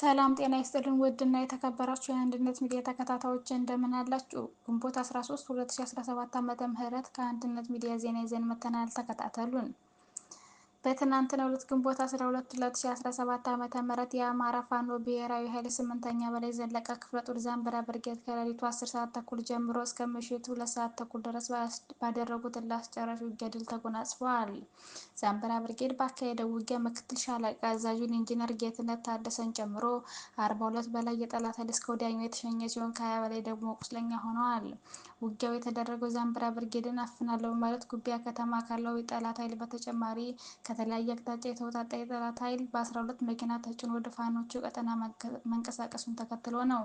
ሰላም ጤና ይስጥልን ውድና የተከበራችሁ የአንድነት ሚዲያ ተከታታዮች እንደምን አላችሁ? ግንቦት 13 2017 ም ከአንድነት ሚዲያ ዜና ይዘን መተናል። ተከታተሉን። በትናንትናው ዕለት ግንቦት 12 2017 ዓ.ም የአማራ ፋኖ ብሔራዊ ኃይል ስምንተኛ በላይ ዘለቀ ክፍለ ጦር ዛምብራ ብርጌድ ከሌሊቱ 10 ሰዓት ተኩል ጀምሮ እስከ ምሽቱ 2 ሰዓት ተኩል ድረስ ባደረጉት እልህ ውጊያ ድል ተጎናጽፈዋል። ዛምብራ ብርጌድ ባካሄደው ውጊያ ምክትል ሻለቃ አዛዡን ኢንጂነር ጌትነት ታደሰን ጨምሮ 42 በላይ የጠላት ኃይል እስከ ወዲያኛው የተሸኘ ሲሆን ከ20 በላይ ደግሞ ቁስለኛ ሆነዋል። ውጊያው የተደረገው ዛምብራ ብርጌድን አፍናለሁ ማለት ጉቢያ ከተማ ካለው የጠላት ኃይል በተጨማሪ ከተለያየ አቅጣጫ የተወጣጣ የጠላት ኃይል በ12 መኪና ተጭኖ ወደ ፋኖቹ ቀጠና መንቀሳቀሱን ተከትሎ ነው።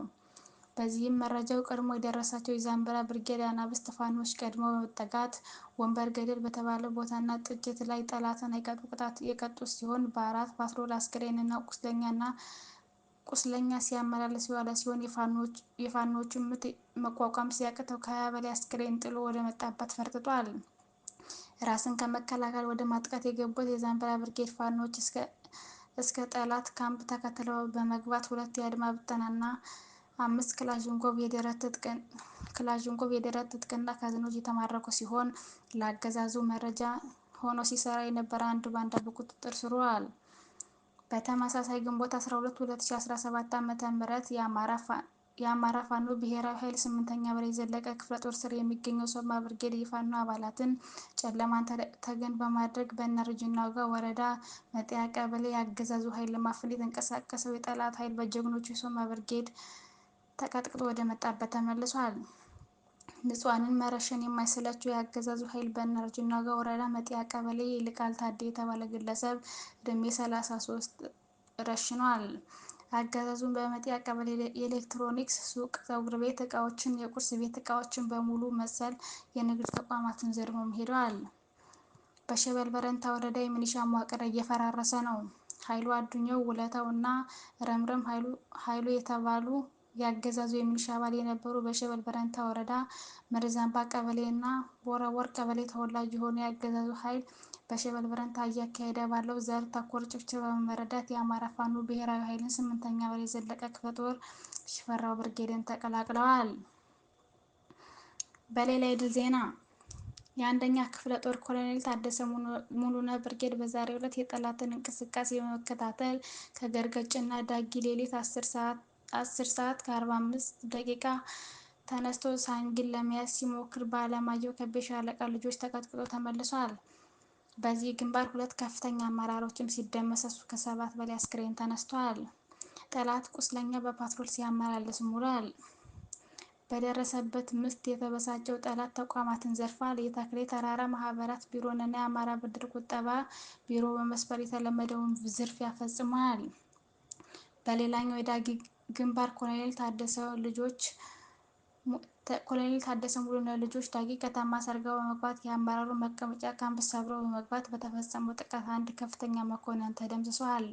በዚህም መረጃው ቀድሞ የደረሳቸው የዛምብራ ብርጌድ አናብስት ፋኖች ቀድሞ በመጠጋት ወንበር ገደል በተባለ ቦታና ጥጅት ላይ ጠላትን የቀጡ ቅጣት የቀጡ ሲሆን በአራት ፓትሮል አስክሬንና ቁስለኛና ቁስለኛ ሲያመላለስ የዋለ ሲሆን የፋኖዎቹን ምት መቋቋም ሲያቅተው ከሀያ በላይ አስክሬን ጥሎ ወደ መጣበት ፈርጥጧል። ራስን ከመከላከል ወደ ማጥቃት የገቡት የዛምበላ ብርጌድ ፋኖች እስከ ጠላት ካምፕ ተከትለው በመግባት ሁለት የአድማ ብተናና አምስት ክላሽንኮቭ የደረት ትጥቅና ካዝኖች የተማረኩ ሲሆን ለአገዛዙ መረጃ ሆኖ ሲሰራ የነበረ አንድ ባንዳ በቁጥጥር ስር ውሏል። በተመሳሳይ ግንቦት 12 2017 ዓ.ም የአማራ ፋኖ ብሔራዊ ኃይል ስምንተኛ በላይ ዘለቀ ክፍለ ጦር ስር የሚገኘው ሶማ ብርጌድ የፋኖ አባላትን ጨለማን ተገን በማድረግ በነርጅና ጋ ወረዳ መጤያ ቀበሌ የአገዛዙ ኃይል ለማፈል የተንቀሳቀሰው የጠላት ኃይል በጀግኖቹ የሶማ ብርጌድ ተቀጥቅጦ ወደ መጣበት ተመልሷል። ንጹሃንን መረሸን የማይሰለቸው የአገዛዙ ኃይል በእናርጅ እናጋ ወረዳ መጤያ ቀበሌ ይልቃል ታዴ የተባለ ግለሰብ ዕድሜ 33 ረሽኗል። አገዛዙን በመጤያ ቀበሌ የኤሌክትሮኒክስ ሱቅ፣ ፀጉር ቤት እቃዎችን፣ የቁርስ ቤት እቃዎችን በሙሉ መሰል የንግድ ተቋማትን ዘርፎም ሄደዋል። በሸበል በረንታ ወረዳ የሚኒሻ መዋቅር እየፈራረሰ ነው። ኃይሉ አዱኛው ውለታው እና ረምረም ኃይሉ የተባሉ የአገዛዙ የሚሊሻ አባል የነበሩ በሸበል በረንታ ወረዳ መርዛምባ ቀበሌ እና ወረወር ቀበሌ ተወላጅ የሆኑ የአገዛዙ ኃይል በሸበል በረንታ እያካሄደ ባለው ዘር ተኮር ጭፍጭፋ በመረዳት የአማራ ፋኖ ብሔራዊ ኃይልን ስምንተኛ ወር የዘለቀ ክፍለ ጦር ሽፈራው ብርጌድን ተቀላቅለዋል። በሌላ የድል ዜና የአንደኛ ክፍለ ጦር ኮሎኔል ታደሰ ሙሉነ ብርጌድ በዛሬው ዕለት የጠላትን እንቅስቃሴ በመከታተል ከገርገጭና ዳጊ ሌሊት አስር ሰዓት አስር ሰዓት ከአርባ አምስት ደቂቃ ተነስቶ ሳንግን ለመያዝ ሲሞክር በአለማየሁ ከቤ ሻለቃ ልጆች ተቀጥቅጦ ተመልሷል። በዚህ ግንባር ሁለት ከፍተኛ አመራሮችም ሲደመሰሱ ከሰባት በላይ አስክሬን ተነስቷል። ጠላት ቁስለኛ በፓትሮል ሲያመላልስ ሙሏል። በደረሰበት ምስት የተበሳጨው ጠላት ተቋማትን ዘርፏል። የተክሌ ተራራ ማህበራት ቢሮንና የአማራ ብድር ቁጠባ ቢሮ በመስበር የተለመደውን ዝርፊያ ፈጽሟል። በሌላኛው ግንባር ኮሎኔል ታደሰ ልጆች ኮሎኔል ታደሰ ሙሉነህ ልጆች ዳጊ ከተማ ሰርገው በመግባት የአመራሩ መቀመጫ ካምፕ ሰብረው በመግባት በተፈጸመው ጥቃት አንድ ከፍተኛ መኮንን ተደምስሰዋል።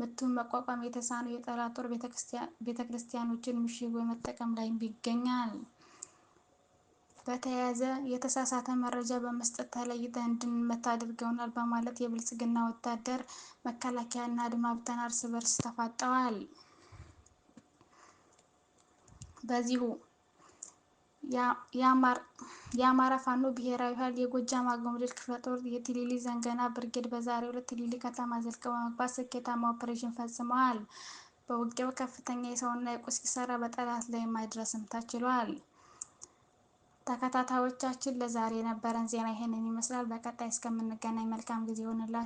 ምቱን መቋቋም የተሳነው የጠላት ጦር ቤተክርስቲያኖችን ምሽግ በመጠቀም ላይ ይገኛል። በተያያዘ የተሳሳተ መረጃ በመስጠት ተለይተ እንድንመታ አድርገውናል በማለት የብልጽግና ወታደር መከላከያና አድማ ብተና እርስ በርስ ተፋጠዋል። በዚሁ የአማራ ፋኖ ብሔራዊ ኃይል የጎጃም አገው ክፍለ ጦር የቲሊሊ ዘንገና ብርጌድ በዛሬው ዕለት ቲሊሊ ከተማ ዘልቀው በመግባት ስኬታማ ኦፕሬሽን ፈጽመዋል። በውጊያው ከፍተኛ የሰውና የቁስ ኪሳራ በጠላት ላይ ማድረስም ተችሏል። ተከታታዮቻችን ለዛሬ የነበረን ዜና ይህንን ይመስላል። በቀጣይ እስከምንገናኝ መልካም ጊዜ ይሆንላችሁ።